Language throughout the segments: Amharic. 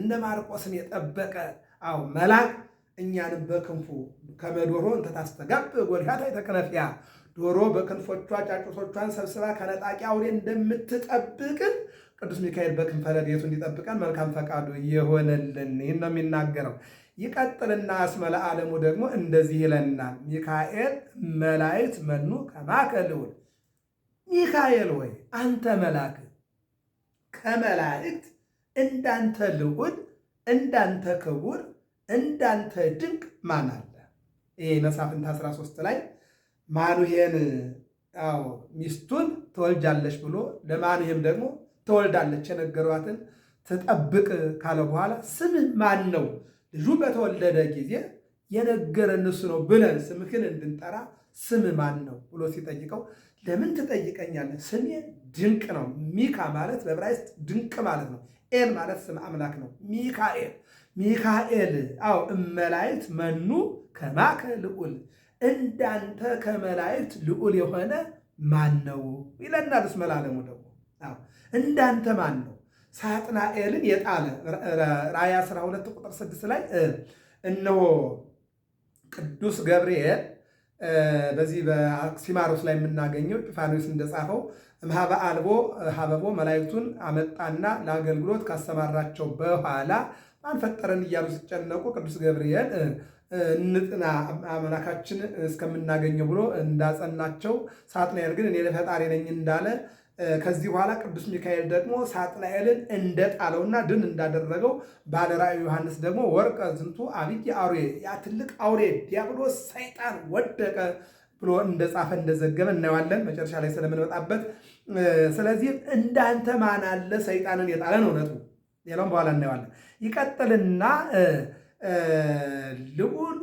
እንደ ማርቆስን የጠበቀ አው መልአክ እኛንም በክንፉ ከመዶሮ እንተ ጎልያታ የተከነፊያ ዶሮ በክንፎቿ ጫጩቶቿን ሰብስባ ከነጣቂ አውሬ እንደምትጠብቅን ቅዱስ ሚካኤል በክንፈ ረድኤቱ እንዲጠብቀን መልካም ፈቃዱ የሆነልን። ይህን ነው የሚናገረው። ይቀጥልና እስመ ለዓለሙ ደግሞ እንደዚህ ይለናል። ሚካኤል መላእክት መኑ ከማከ ሚካኤል ወይ አንተ መልአክ ከመላእክት እንዳንተ ልዑል፣ እንዳንተ ክቡር፣ እንዳንተ ድንቅ ማን አለ? ይሄ መሳፍንት 13 ላይ ማኑሄን አዎ ሚስቱን ትወልጃለሽ ብሎ ለማኑሄም ደግሞ ትወልዳለች የነገሯትን ትጠብቅ ካለ በኋላ ስምህ ማን ነው? ልጁ በተወለደ ጊዜ የነገረን እሱ ነው ብለን ስምህን እንድንጠራ ስም ማን ነው ብሎ ሲጠይቀው ለምን ትጠይቀኛለህ? ስሜ ድንቅ ነው። ሚካ ማለት በዕብራይስጥ ድንቅ ማለት ነው። ኤል ማለት ስም አምላክ ነው። ሚካኤል ሚካኤል አው እመላይት መኑ ከማከ ልዑል እንዳንተ ከመላይት ልዑል የሆነ ማን ነው ይለናል። እስመ ለዓለሙ ደግሞ እንዳንተ ማን ነው? ሳጥናኤልን የጣለ ራእይ 12 ቁጥር 6 ላይ እነሆ ቅዱስ ገብርኤል በዚህ በሲማሮስ ላይ የምናገኘው ጢፋኖስ እንደጻፈው እምሃበ አልቦ ሀበቦ መላእክቱን አመጣና ለአገልግሎት ካሰማራቸው በኋላ አንፈጠረን እያሉ ሲጨነቁ ቅዱስ ገብርኤል እንጥና አምላካችን እስከምናገኘው ብሎ እንዳጸናቸው ሳጥናኤል ግን እኔ ለፈጣሪ ነኝ እንዳለ ከዚህ በኋላ ቅዱስ ሚካኤል ደግሞ ሳጥናኤልን እንደጣለውና ድን እንዳደረገው ባለ ዮሐንስ ደግሞ ወርቀ ዝንቱ አብይ አውሬ ያ ትልቅ አውሬ ዲያብሎስ ሰይጣን ወደቀ ብሎ እንደጻፈ እንደዘገበ እናየዋለን። መጨረሻ ላይ ስለምንመጣበት፣ ስለዚህ እንዳንተ ማን አለ ሰይጣንን የጣለን እውነቱ ሌላውም በኋላ እናየዋለን። ይቀጥልና ልዑል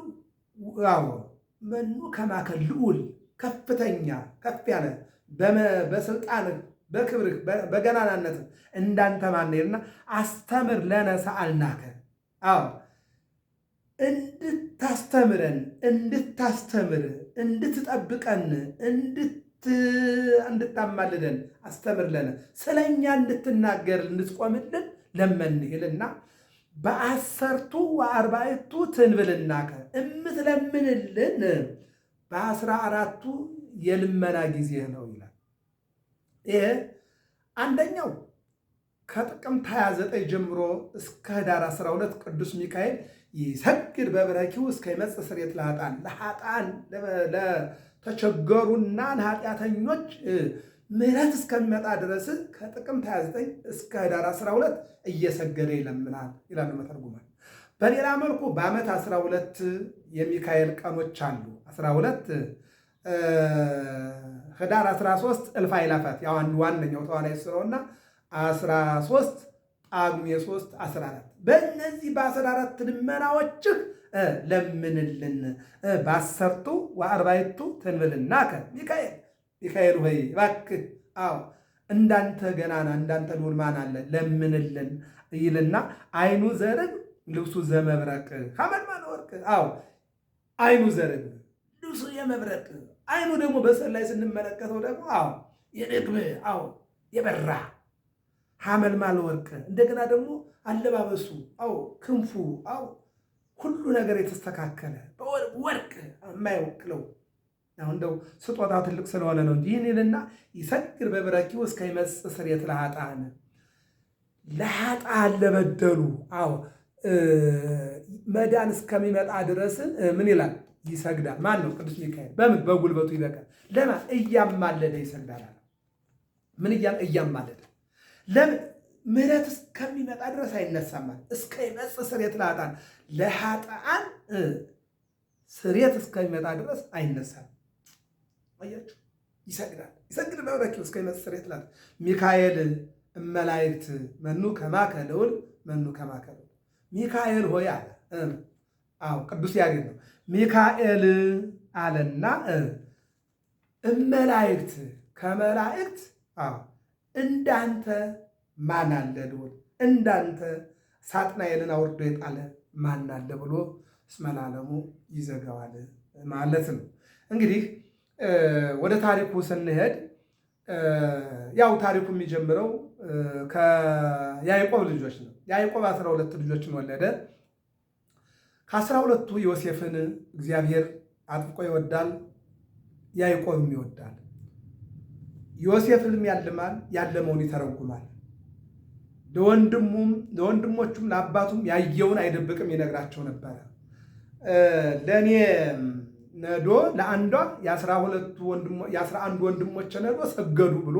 መኑ ከማከል ልዑል ከፍተኛ ከፍ ያለ በስልጣንህ በክብርህ በገናናነትህ እንዳንተ ማን አስተምር ለነ አልናከ አዎ እንድታስተምረን እንድታስተምር እንድትጠብቀን እንድታማልደን አስተምር ለነ ስለኛ እንድትናገር እንድትቆምልን ለመንህልና በአሰርቱ ወአርባዕቱ ትንብልናከ እምትለምንልን በአስራ አራቱ የልመና ጊዜ ነው ይላል። ይሄ አንደኛው ከጥቅምት 29 ጀምሮ እስከ ህዳር 12 ቅዱስ ሚካኤል ይሰግድ በብረኪው እስከ ይመጽ ስሬት ለሃጣን ለሃጣን ለተቸገሩና ለኃጢአተኞች ምሕረት እስከሚመጣ ድረስ ከጥቅምት 29 እስከ ህዳር 12 እየሰገደ ይለምናል ይላሉ መተርጉማል። በሌላ መልኩ በዓመት 12 የሚካኤል ቀኖች አሉ 12 ህዳር 13 እልፍ አእላፋት ያው አንድ ዋነኛው ተዋናይ ስለሆነና 13 ጳጉሜ 3 14 በእነዚህ በ14 ልመናዎችህ ለምንልን በአሰርቱ ወአርባይቱ ትንብልናከ ሚካኤል ሚካኤል ሆይ እባክህ አዎ እንዳንተ ገናና እንዳንተ ኑርማን አለ ለምንልን ይልና አይኑ ዘርግ ልብሱ ዘመብረቅ ሀመልማል ወርቅ አዎ አይኑ ዘርግ ልብሱ የመብረቅ አይኑ ደግሞ በሰል ላይ ስንመለከተው ደግሞ አዎ የንቅብ አዎ የበራ ሐመልማል ወርቅ እንደገና ደግሞ አለባበሱ አዎ ክንፉ አዎ ሁሉ ነገር የተስተካከለ ወርቅ የማይወክለው አሁን እንደው ስጦታ ትልቅ ስለሆነ ነው እንጂ ይህን ይልና ይሰግር በብረኪ እስከ ይመጽ ስርየት ለሀጣን ለሀጣን ለበደሉ አዎ መዳን እስከሚመጣ ድረስ ምን ይላል ይሰግዳል። ማን ነው? ቅዱስ ሚካኤል። በምን? በጉልበቱ ይበቃል። ለማ እያማለደ ይሰግዳል አለ። ምን እያማለደ? ለምን? ምሕረት እስከሚመጣ ድረስ አይነሳማል። እስከ ይመጽ ስሬት ለኃጥአን ለኃጥአን ስሬት እስከሚመጣ ድረስ አይነሳም። አያችሁ፣ ይሰግዳል ይሰግድ በረኪ እስከ ይመጽ ስሬት ላ ሚካኤል እመላእክት መኑ ከማከ መኑ ከማከ ሚካኤል ሆይ አለ። አዎ ቅዱስ ያሬድ ነው ሚካኤል አለና እመላእክት ከመላእክት እንዳንተ ማን አለ ልዑል እንዳንተ ሳጥናኤልን አውርዶ የጣለ ማን አለ ብሎ ስመላለሙ ይዘጋዋል ማለት ነው። እንግዲህ ወደ ታሪኩ ስንሄድ ያው ታሪኩ የሚጀምረው ከያዕቆብ ልጆች ነው። ያዕቆብ አስራ ሁለት ልጆችን ወለደ። ከአስራ ሁለቱ ዮሴፍን እግዚአብሔር አጥብቆ ይወዳል፣ ያዕቆብም ይወዳል። ዮሴፍንም ያልማል፣ ያለመውን ይተረጉማል። ለወንድሙም ለወንድሞቹም ለአባቱም ያየውን አይደብቅም፣ ይነግራቸው ነበረ። ለእኔ ነዶ ለአንዷ የአስራ አንዱ ወንድሞች ነዶ ሰገዱ ብሎ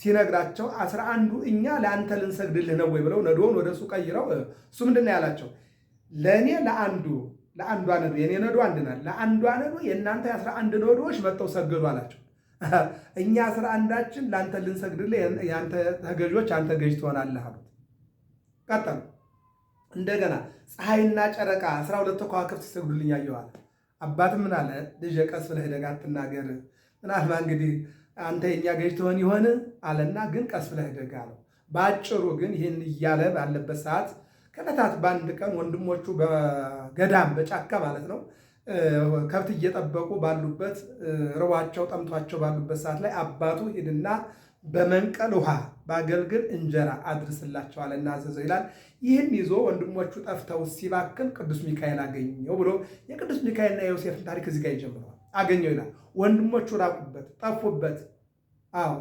ሲነግራቸው አስራ አንዱ እኛ ለአንተ ልንሰግድልህ ነው ወይ ብለው ነዶውን ወደ እሱ ቀይረው እሱ ምንድን ነው ያላቸው ለእኔ ለአንዱ ለአንዷ ነዶ የኔ ነዶ አንድ ናት። ለአንዷ ነዶ የእናንተ የአስራ አንድ ነዶዎች መጥተው ሰገዱ አላቸው። እኛ አስራ አንዳችን ለአንተ ልንሰግድልህ የአንተ ተገዦች አንተ ገዥ ትሆናለህ አሉት። ቀጠሉ። እንደገና ፀሐይና ጨረቃ አስራ ሁለት ከዋክብት ይሰግዱልኝ አየኋል። አባትም ምን አለ? ልጄ ቀስ ብለህ ደጋ አትናገር። ምናልባት እንግዲህ አንተ የእኛ ገዥ ትሆን ይሆን አለና፣ ግን ቀስ ብለህ ደጋ አለው። በአጭሩ ግን ይህን እያለ ባለበት ሰዓት ከዕለታት በአንድ ቀን ወንድሞቹ በገዳም በጫካ ማለት ነው ከብት እየጠበቁ ባሉበት ርቧቸው ጠምቷቸው ባሉበት ሰዓት ላይ አባቱ ሂድና በመንቀል ውሃ በአገልግል እንጀራ አድርስላቸዋል እና አዘዘው ይላል። ይህን ይዞ ወንድሞቹ ጠፍተው ሲባክል ቅዱስ ሚካኤል አገኘው ብሎ የቅዱስ ሚካኤልና የዮሴፍን ታሪክ እዚህ ጋር ይጀምረዋል። አገኘው ይላል። ወንድሞቹ ራቁበት፣ ጠፉበት። አዎ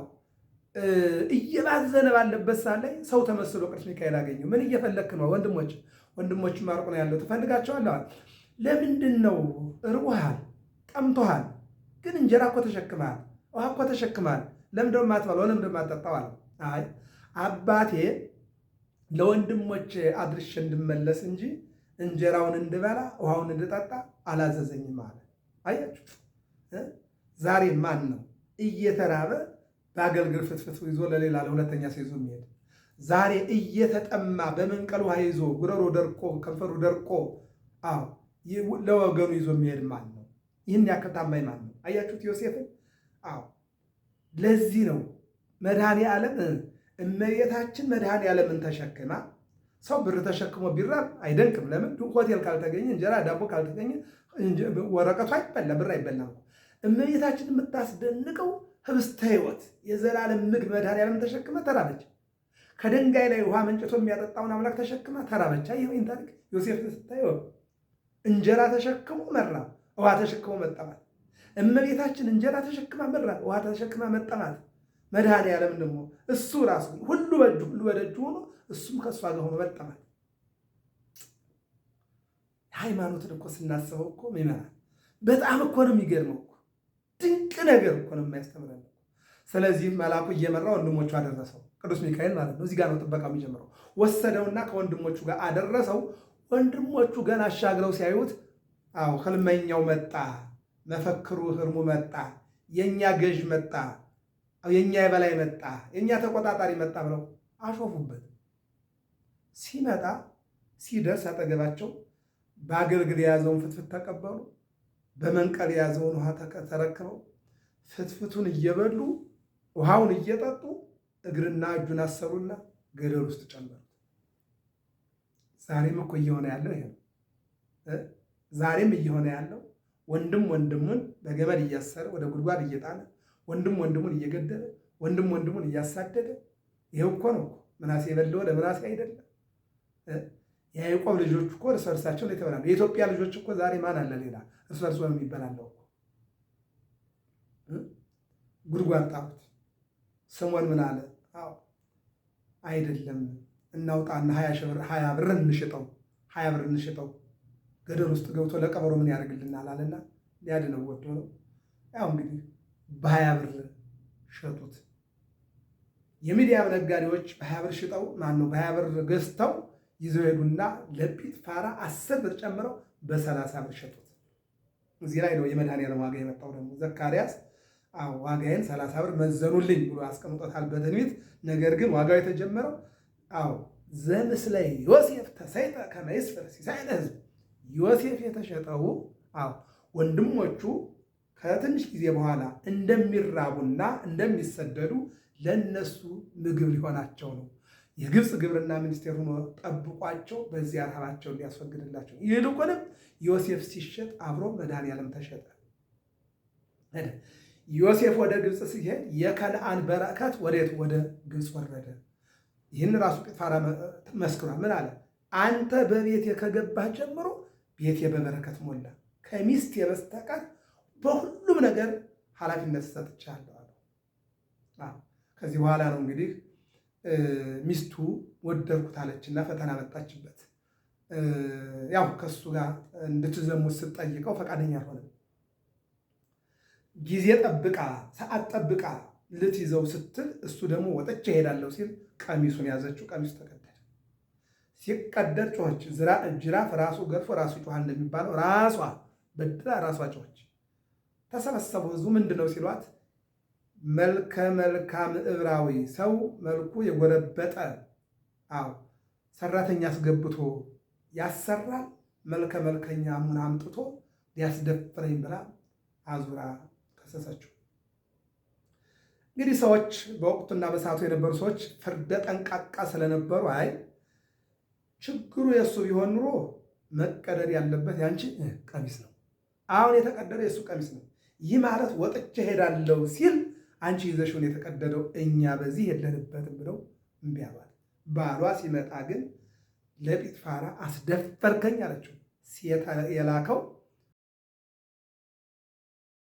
እየባዘነ ባለበት ሰዓት ላይ ሰው ተመስሎ ቅዱስ ሚካኤል አገኘው። ምን እየፈለክ ነው? ወንድሞች ወንድሞች ማርቆ ነው ያለው ትፈልጋቸዋለህ። ለምንድን ነው? እርቦሃል፣ ጠምቶሃል፣ ግን እንጀራ እኮ ተሸክመሃል፣ ውሃ እኮ ተሸክመሃል። ለምንድን ነው ለምንድን አይ አባቴ ለወንድሞች አድርሼ እንድመለስ እንጂ እንጀራውን እንድበላ ውሃውን እንድጠጣ አላዘዘኝም አለ። አያችሁ ዛሬ ማን ነው እየተራበ በአገልግል ፍትፍት ይዞ ለሌላ ለሁለተኛ ሲይዞ የሚሄድ ዛሬ እየተጠማ በመንቀል ውሃ ይዞ ጉረሮ ደርቆ ከንፈሩ ደርቆ ለወገኑ ይዞ የሚሄድ ማን ነው? ይህን ያክል ታማኝ ማን ነው? አያችሁት ዮሴፍን። አዎ ለዚህ ነው መድኃኔ ዓለም እመቤታችን መድኃኔ ዓለምን ተሸክማ ሰው ብር ተሸክሞ ቢራብ አይደንቅም። ለምን ሆቴል ካልተገኘ እንጀራ ዳቦ ካልተገኘ ወረቀቱ አይበላ ብር አይበላም። እመቤታችን የምታስደንቀው ህብስተ ህይወት የዘላለም ምግብ መድኃኔዓለም ተሸክመ ተራበች። ከድንጋይ ላይ ውሃ መንጭቶ የሚያጠጣውን አምላክ ተሸክመ ተራበች። ይህን ታሪክ ዮሴፍ ስታየው እንጀራ ተሸክሞ መራ፣ ውሃ ተሸክሞ መጠማት። እመቤታችን እንጀራ ተሸክማ መራ፣ ውሃ ተሸክማ መጠማት። መድኃኔዓለም ደግሞ እሱ ራሱ ሁሉ በእጁ ሁሉ በደጁ ሆኖ እሱም ከእሷ ጋር ሆኖ መጠማት። ሃይማኖትን እኮ ስናስበው እኮ ይመራል። በጣም እኮ ነው የሚገርመው። ነገር እኮ ነው የሚያስተምረን። ስለዚህ መልአኩ እየመራ ወንድሞቹ አደረሰው፣ ቅዱስ ሚካኤል ማለት ነው። እዚህ ጋር ነው ጥበቃ የሚጀምረው። ወሰደውና ከወንድሞቹ ጋር አደረሰው። ወንድሞቹ ገና አሻግረው ሲያዩት፣ አዎ ህልመኛው መጣ፣ መፈክሩ ህርሙ መጣ፣ የእኛ ገዥ መጣ፣ የእኛ የበላይ መጣ፣ የእኛ ተቆጣጣሪ መጣ ብለው አሾፉበት። ሲመጣ ሲደርስ አጠገባቸው በአገልግል የያዘውን ፍትፍት ተቀበሉ። በመንቀል የያዘውን ውሃ ተረክበው ፍትፍቱን እየበሉ ውሃውን እየጠጡ እግርና እጁን አሰሩና ገደል ውስጥ ጨመሩት። ዛሬም እኮ እየሆነ ያለው ይሄ ነው። ዛሬም እየሆነ ያለው ወንድም ወንድሙን በገመድ እያሰረ ወደ ጉድጓድ እየጣለ ወንድም ወንድሙን እየገደለ ወንድም ወንድሙን እያሳደደ ይሄው እኮ ነው። ምናሴ የበለው ለምናሴ አይደለም። የያዕቆብ ልጆች እኮ እርስ በርሳቸው የተበላሉ። የኢትዮጵያ ልጆች እኮ ዛሬ ማን አለ ሌላ እርስ በርስ ነው የሚበላለው። ጉድጓድ ጣሉት። ስሞን ምን አለ? አዎ አይደለም እናውጣና ሀያ ብር እንሽጠው፣ ሀያ ብር እንሽጠው ገደል ውስጥ ገብቶ ለቀበሮ ምን ያደርግልናል አለና ሊያድነው ወዶ ነው። ያው እንግዲህ በሀያ ብር ሸጡት። የሚዲያም ነጋዴዎች በሀያ ብር ሽጠው ማነው በሀያ ብር ገዝተው ይዘው ሄዱና ለጲጥ ፋራ አስር ብር ጨምረው በሰላሳ ብር ሸጡት። እዚህ ላይ ነው የመድኃኒዓለም ዋጋ የመጣው ደግሞ ዘካርያስ ዋጋዬን 30 ብር መዘኑልኝ ብሎ አስቀምጦታል በትንቢት። ነገር ግን ዋጋው የተጀመረው አዎ ዘምስለ ዮሴፍ ተሰይጠ ከመይስፈር ሲሳይለ ህዝብ ዮሴፍ የተሸጠው አዎ ወንድሞቹ ከትንሽ ጊዜ በኋላ እንደሚራቡና እንደሚሰደዱ ለነሱ ምግብ ሊሆናቸው ነው። የግብፅ ግብርና ሚኒስቴር ሆኖ ጠብቋቸው በዚያ ረሃባቸውን ሊያስወግድላቸው። ይልቁንም ዮሴፍ ሲሸጥ አብሮ መድኃኔዓለም ተሸጠ። ዮሴፍ ወደ ግብፅ ሲሄድ የከነአን በረከት ወዴት ወደ ግብፅ ወረደ። ይህን ራሱ ጲጥፋራ መስክሯል። ምን አለ? አንተ በቤት ከገባህ ጀምሮ ቤቴ በበረከት ሞላ፣ ከሚስት የበስተቀር በሁሉም ነገር ኃላፊነት ሰጥቻለሁ አለ። ከዚህ በኋላ ነው እንግዲህ ሚስቱ ወደድኩት አለችና ፈተና መጣችበት። ያው ከሱ ጋር እንድትዘሙት ስትጠይቀው ፈቃደኛ አልሆነም። ጊዜ ጠብቃ ሰዓት ጠብቃ ልትይዘው ስትል እሱ ደግሞ ወጥቼ እሄዳለሁ ሲል ቀሚሱን ያዘችው። ቀሚሱ ተቀደደ። ሲቀደድ ጮኸች። ጅራፍ ራሱ ገርፎ ራሱ ጮኋ እንደሚባለው ራሷ በድራ ራሷ ጮኸች። ተሰበሰቡ ህዝቡ። ምንድን ነው ሲሏት መልከ መልካም ዕብራዊ ሰው መልኩ የጎረበጠ አዎ ሰራተኛ አስገብቶ ያሰራል መልከ መልከኛ አምጥቶ ሊያስደፍረኝ ብላ አዙራ ከሰሰችው። እንግዲህ ሰዎች በወቅቱና በሰዓቱ የነበሩ ሰዎች ፍርደ ጠንቃቃ ስለነበሩ አይ ችግሩ የእሱ ቢሆን ኑሮ መቀደድ ያለበት ያንቺ ቀሚስ ነው፣ አሁን የተቀደደ የእሱ ቀሚስ ነው። ይህ ማለት ወጥቼ ሄዳለሁ ሲል አንቺ ይዘሽውን የተቀደደው እኛ በዚህ የለንበትም ብለው እምቢ አሏት። ባሏ ሲመጣ ግን ለጲጥፋራ አስደፈርከኝ አለችው። የላከው